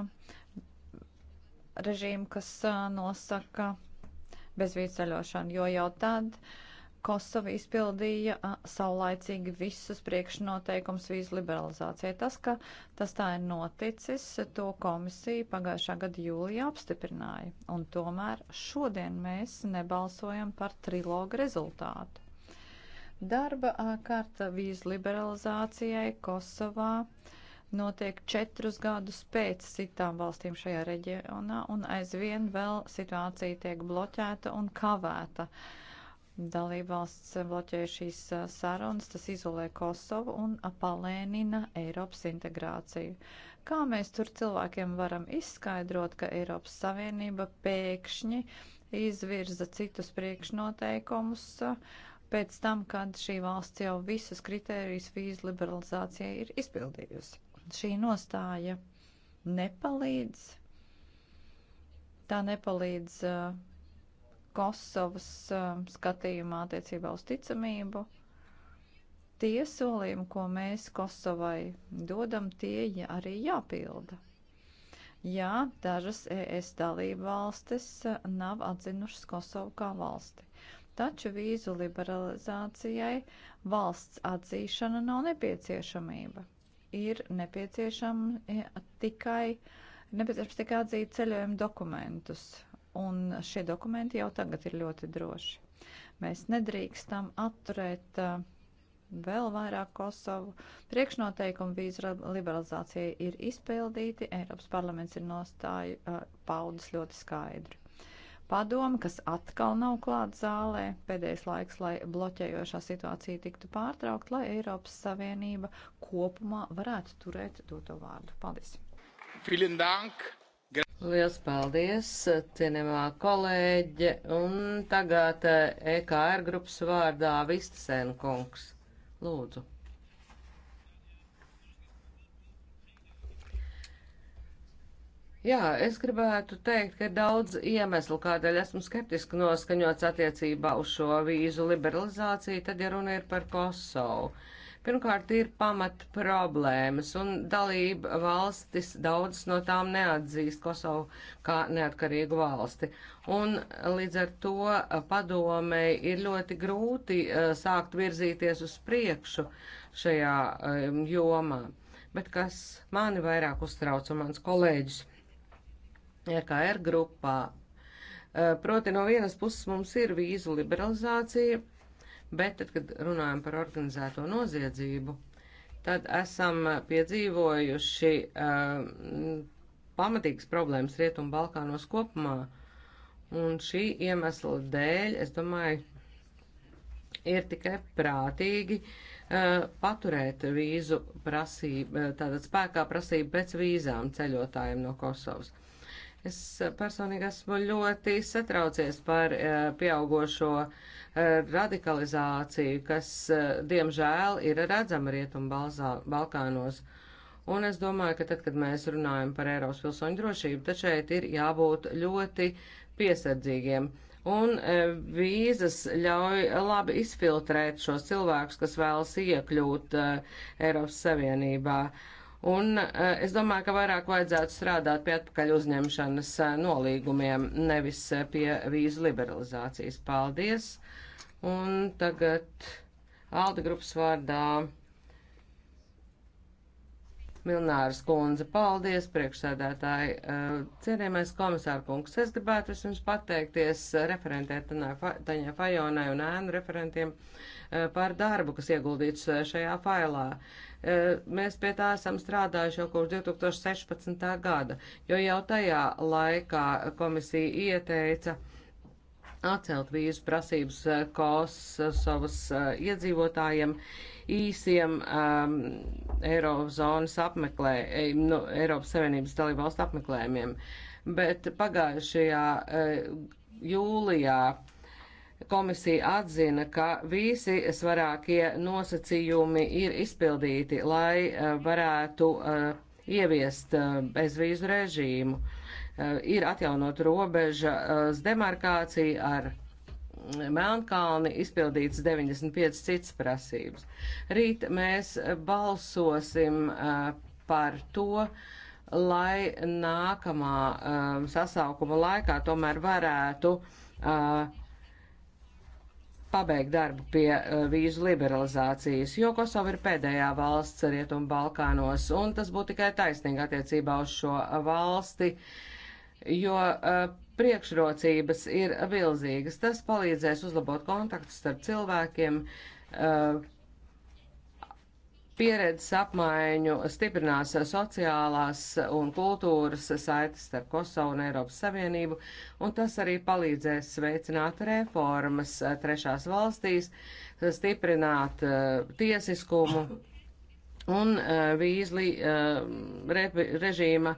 režīmu, kas a, nosaka bezvīzaļošanu, jo jau tad uh, Kosova izpildīja saulaicīgi visus priekšnoteikums vīzu liberalizācijai. Tas, ka tas tā ir noticis, to komisija pagājušā gada jūlijā apstiprināja. Un tomēr šodien mēs nebalsojam par trilogu rezultātu. Darba kārta vīzu liberalizācijai Kosovā notiek četrus gadus pēc citām valstīm šajā reģionā, un aizvien vēl situācija tiek bloķēta un kavēta. Uh, Dalībvalsts bloķē šīs sarunas, tas izolē Kosovu un palēnina Eiropas integrāciju. Kā mēs tur cilvēkiem varam izskaidrot, ka Eiropas Savienība pēkšņi izvirza citus priekšnoteikumus pēc tam, kad šī valsts jau visus kritērijus vīzu liberalizācijai ir izpildījusi? Šī nostāja nepalīdz. Tā nepalīdz uh, Kosovas um, skatījumā attiecībā uz ticamību. Tie solījumi, ko mēs Kosovai dodam, tie arī jāpilda. Jā, dažas ES dalība valstis uh, nav atzinušas Kosovu kā valsti. Taču vīzu liberalizācijai valsts atzīšana nav nepieciešamība. Ir nepieciešama e, tikai, nepieciešams tikai atzīt ceļojuma dokumentus, un šie dokumenti jau tagad ir ļoti droši. Mēs nedrīkstam atturēt uh, vēl vairāk Kosovu. Priekšnoteikumi vīzu liberalizācijai ir izpildīti, Eiropas parlaments ir nostāju uh, paudas ļoti skaidri. Padoma, kas atkal nav klāt zālē, pēdējais laiks, lai bloķējošā situācija tiktu pārtraukt, lai Eiropas Savienība kopumā varētu turēt doto vārdu. Paldies! Vielen Dank! Liels paldies, cienījumā kolēģe, un tagad EKR eh, e grupas vārdā Vistasēna kungs. Lūdzu. Jā, es gribētu teikt, ka ir daudz iemeslu, kādēļ esmu skeptiski noskaņots attiecībā uz šo vīzu liberalizāciju, tad ja runa ir par Kosovu. Uh, Pirmkārt, ir pamat problēmas, un dalība valstis daudzas no tām neatzīst Kosovu kā neatkarīgu valsti. Un līdz ar to padomei ir ļoti grūti sākt virzīties uz priekšu šajā jomā. Bet kas mani vairāk uztrauc un mans kolēģis EKR grupā Proti, no vienas puses mums ir vīzu liberalizācija, bet tad, kad runājam par organizēto noziedzību, tad esam piedzīvojuši uh, pamatīgas problēmas Rietumu Balkānos kopumā. Un šī iemesla dēļ, es domāju, ir tikai prātīgi uh, paturēt vīzu prasību, eh, tātad spēkā prasību pēc vīzām ceļotājiem no Kosovas. Uh, Es personīgi esmu ļoti satraucies par eh, pieaugošo eh, radikalizāciju, kas, eh, diemžēl, ir redzama Rietumu Balkānos. Un es domāju, ka tad, kad mēs runājam par Eiropas pilsoņu drošību, tad šeit ir jābūt ļoti piesardzīgiem. Un vīzas ļauj labi izfiltrēt šos cilvēkus, kas vēlas iekļūt Eiropas Savienībā. Uh, Un eh, es domāju, ka vairāk vajadzētu strādāt pie atpakaļ uzņemšanas eh, nolīgumiem, nevis eh, pie vīzu liberalizācijas. Paldies! Un tagad Alda grupas vārdā Milnāras kundze. Paldies, priekšsēdētāji! Cienījamais komisāra kungs, es gribētu jums pateikties referentē Taņā Fajonai un ēnu referentiem par darbu, kas ieguldīts šajā failā. Uh, E, mēs pie tā esam strādājuši jau kopš 2016. gada, jo jau tajā laikā komisija ieteica atcelt vīzu prasības e, Kosovas e, iedzīvotājiem īsiem um, Eirozonas apmeklē, nu, Eiropas Savienības dalībvalstu apmeklējumiem. Bet pagājušajā uh, jūlijā uh, Komisija atzina, ka visi svarākie nosacījumi ir izpildīti, lai eh, varētu eh, ieviest eh, bezvīzu režīmu. Ir atjaunot robežas demarkācija ar mm, Melnkalni izpildīts 95 cits prasības. Rīt mēs balsosim par to, lai nākamā sasaukuma laikā tomēr varētu uh, pabeigt darbu pie uh, vīzu liberalizācijas, jo Kosova ir pēdējā valsts Rietumu Balkānos, un tas būtu tikai taisnīgi attiecībā uz šo valsti, jo uh, priekšrocības ir milzīgas. Tas palīdzēs uzlabot kontaktus starp cilvēkiem, uh, pieredzes apmaiņu stiprinās sociālās un kultūras saites starp Kosovu un Eiropas Savienību, un tas arī palīdzēs veicināt reformas trešās valstīs, stiprināt uh, tiesiskumu un uh, vīzli uh, re, režīma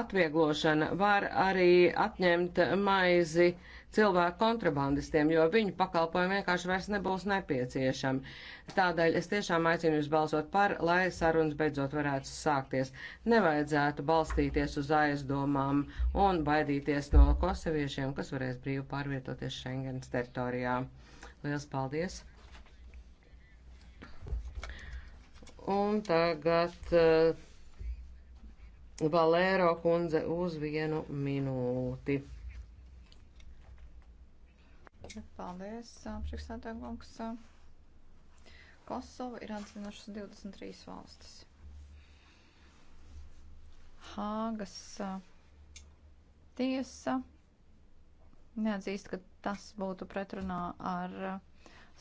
atvieglošana var arī atņemt maizi uh, cilvēku kontrabandistiem, jo viņu pakalpojumi vienkārši vairs nebūs nepieciešami. Tādēļ es tiešām aicinu jūs balsot par, lai sarunas beidzot varētu sākties. Nevajadzētu balstīties uz aizdomām un baidīties no kosoviešiem, kas varēs brīvi pārvietoties Schengens teritorijā. Liels paldies! Un tagad uh, eh, Valēro kundze uz vienu minūti. Paldies, priekšsēdētājkungs. Kosova ir atzinušas 23 valstis. Hāgas tiesa neatzīst, ka tas būtu pretrunā ar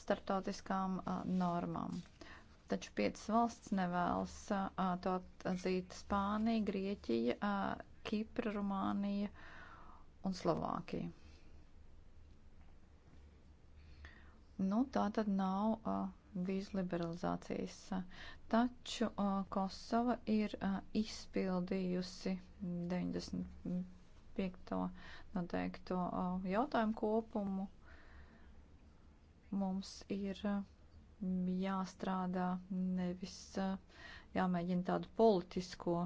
starptautiskām normām. Taču piecas valsts nevēlas to atzīt - Spānija, Grieķija, Kipra, Rumānija un Slovākija. Nu, tā tad nav uh, vīzu liberalizācijas. Taču uh, Kosova ir uh, izpildījusi 95. noteikto uh, jautājumu kopumu. Mums ir uh, jāstrādā nevis uh, jāmēģina tādu politisko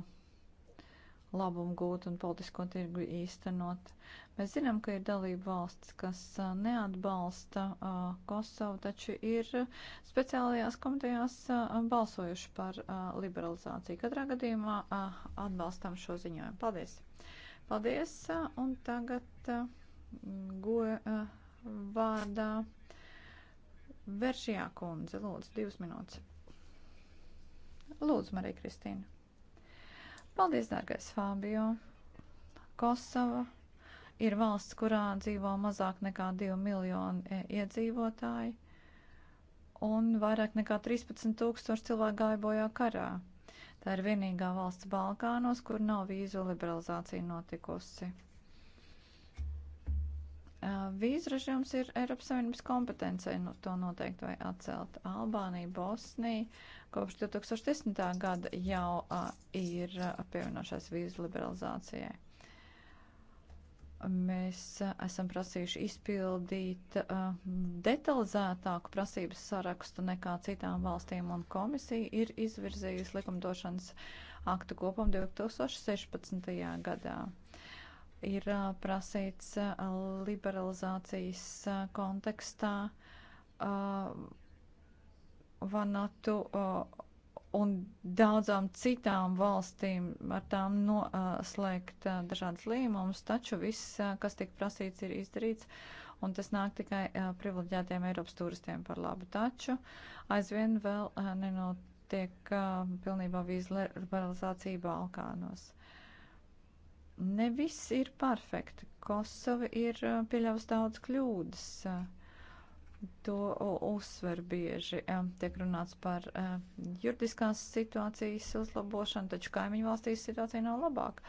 labumu gūt un politisko tirgu īstenot. Mēs zinām, ka ir dalība valsts, kas neatbalsta Kosovu, taču ir speciālajās komitejās balsojuši par liberalizāciju. Katrā gadījumā atbalstam šo ziņojumu. Paldies! Paldies! Un tagad goja vārdā Veržijā kundze. Lūdzu, divas minūtes. Lūdzu, Marija Kristīna. Paldies, dārgais Fabio. Kosova Ir valsts, kurā dzīvo mazāk nekā 2 miljoni e, iedzīvotāji, un vairāk nekā 13 tūkstoši cilvēku gāja bojā karā. Tā ir vienīgā valsts Balkānos, kur nav vīzu liberalizācija notikusi. E, vīzu režīms ir Eiropas Savienības kompetencija, nu, to noteikti vai atcelt. Albānija, Bosnija kopš 2010. gada jau uh, ir pievienošās vīzu liberalizācijai. Mēs esam prasījuši izpildīt detalizētāku prasības sarakstu nekā citām valstīm, un komisija ir izvirzījusi likumdošanas aktu kopam 2016. gadā ir prasīts liberalizācijas kontekstā vanatu un daudzām citām valstīm ar tām noslēgt dažādas līmumus, taču viss, kas tiek prasīts, ir izdarīts, un tas nāk tikai privileģētiem Eiropas turistiem par labu. Taču aizvien vēl nenotiek pilnībā vīzu liberalizācija Balkānos. Ne viss ir perfekti. Kosova ir pieļaus daudz kļūdas. Uh, to uzsver bieži. Tiek runāts par eh, juridiskās situācijas uzlabošanu, taču kaimiņu valstīs situācija nav labāka.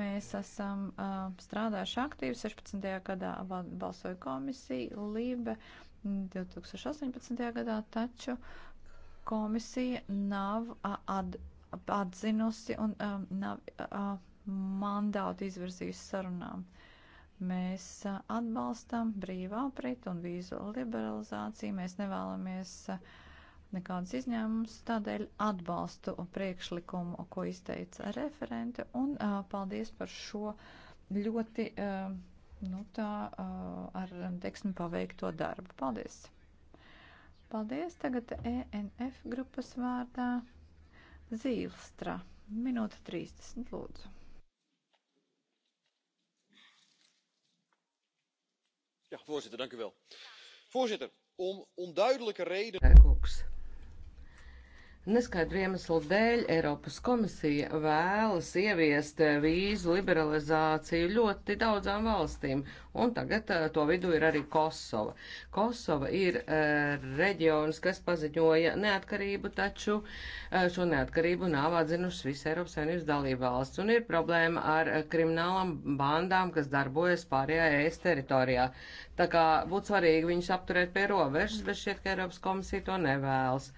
Mēs esam eh, strādājuši aktīvi. 16. gadā balsoja komisija, Lībe 2018. gadā, taču komisija nav ad, atzinusi un eh, nav mandātu izvirzījusi sarunām. Uh, Mēs atbalstam brīvā apritu un vīzu liberalizāciju. Mēs nevēlamies nekādas izņēmumus, tādēļ atbalstu priekšlikumu, ko izteica referente, un uh, paldies par šo ļoti, uh, nu tā, uh, ar deksmi paveikto darbu. Paldies! Paldies! Tagad ENF grupas vārdā Zīlstra. Minūte 30, lūdzu. voorzitter om onduidelijke redenen. Neskaidru iemeslu dēļ Eiropas komisija vēlas ieviest vīzu liberalizāciju ļoti daudzām valstīm, un tagad eh, to vidū ir arī Kosova. Kosova ir uh, reģions, kas paziņoja neatkarību, taču uh, šo neatkarību nav atzinušas visas Eiropas Savienības dalībvalsts, un ir problēma ar kriminālām bandām, kas darbojas pārējā ES teritorijā. Tā kā būtu svarīgi viņus apturēt pie robežas, bet šķiet, ka Eiropas komisija to nevēlas.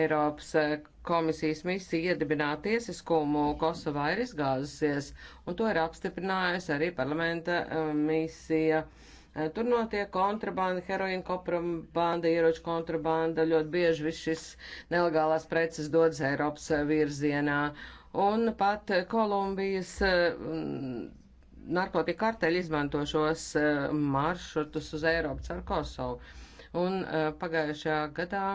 Eiropas eh, komisijas misija iedibināt tiesiskumu Kosovā ir izgāzusies, un to ir apstiprinājusi arī parlamenta eh, misija. Eh, tur notiek kontrabanda, heroīna kontrabanda, ieroču kontrabanda, ļoti bieži viss šis nelegālās preces dodas Eiropas virzienā. Un pat Kolumbijas narkotika karteļi izmanto šos maršrutus uz Eiropas ar Kosovu. Un pagājušajā gadā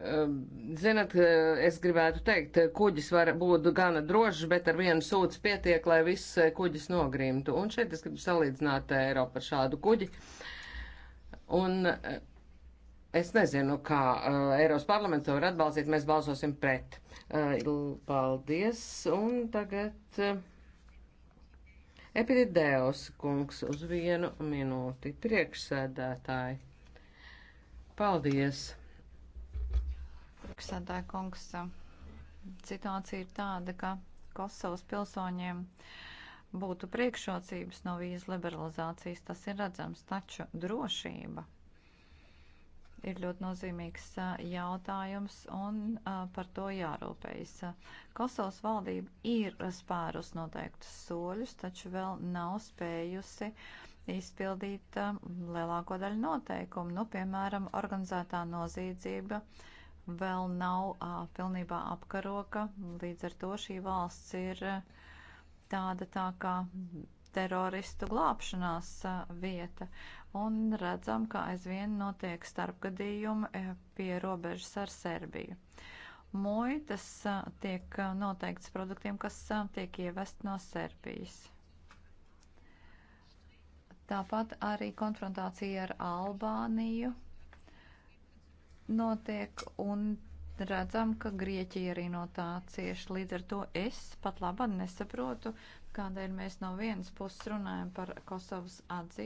Ehm, zinat, eh, es gribētu teikt, eh, kuģis var būt gana drošs, bet ar vienu sūdz pietiek, lai viss eh, kuģis nogrimtu. Un šeit es gribu salīdzināt Eiropu ar šādu kuģi. Un es nezinu, kā Eiropas parlaments to var atbalstīt, mēs balsosim pret. Paldies, un tagad Epidēvs kungs uz vienu minūti priekšsēdētāji. Paldies! priekšsēdētāja kungs. Situācija ir tāda, ka Kosovas pilsoņiem būtu priekšrocības no vīzu liberalizācijas, tas ir redzams, taču drošība ir ļoti nozīmīgs jautājums un par to jārūpējas. Kosovas valdība ir spērus noteiktus soļus, taču vēl nav spējusi izpildīt lielāko daļu noteikumu, nu, piemēram, organizētā noziedzība. Uh, vēl nav uh, pilnībā apkaroka, līdz ar to šī valsts ir tāda tā kā teroristu glābšanās vieta. Un redzam, ka aizvien notiek starpgadījumi pie robežas ar Serbiju. Muitas tiek noteikts produktiem, kas tiek ievest no Serbijas. Tāpat arī konfrontācija ar Albāniju notiek, un redzam, ka Grieķija arī no tā cieši. Līdz ar to es pat labāk nesaprotu, kādēļ mēs no vienas puses runājam par Kosovas atzīšanu.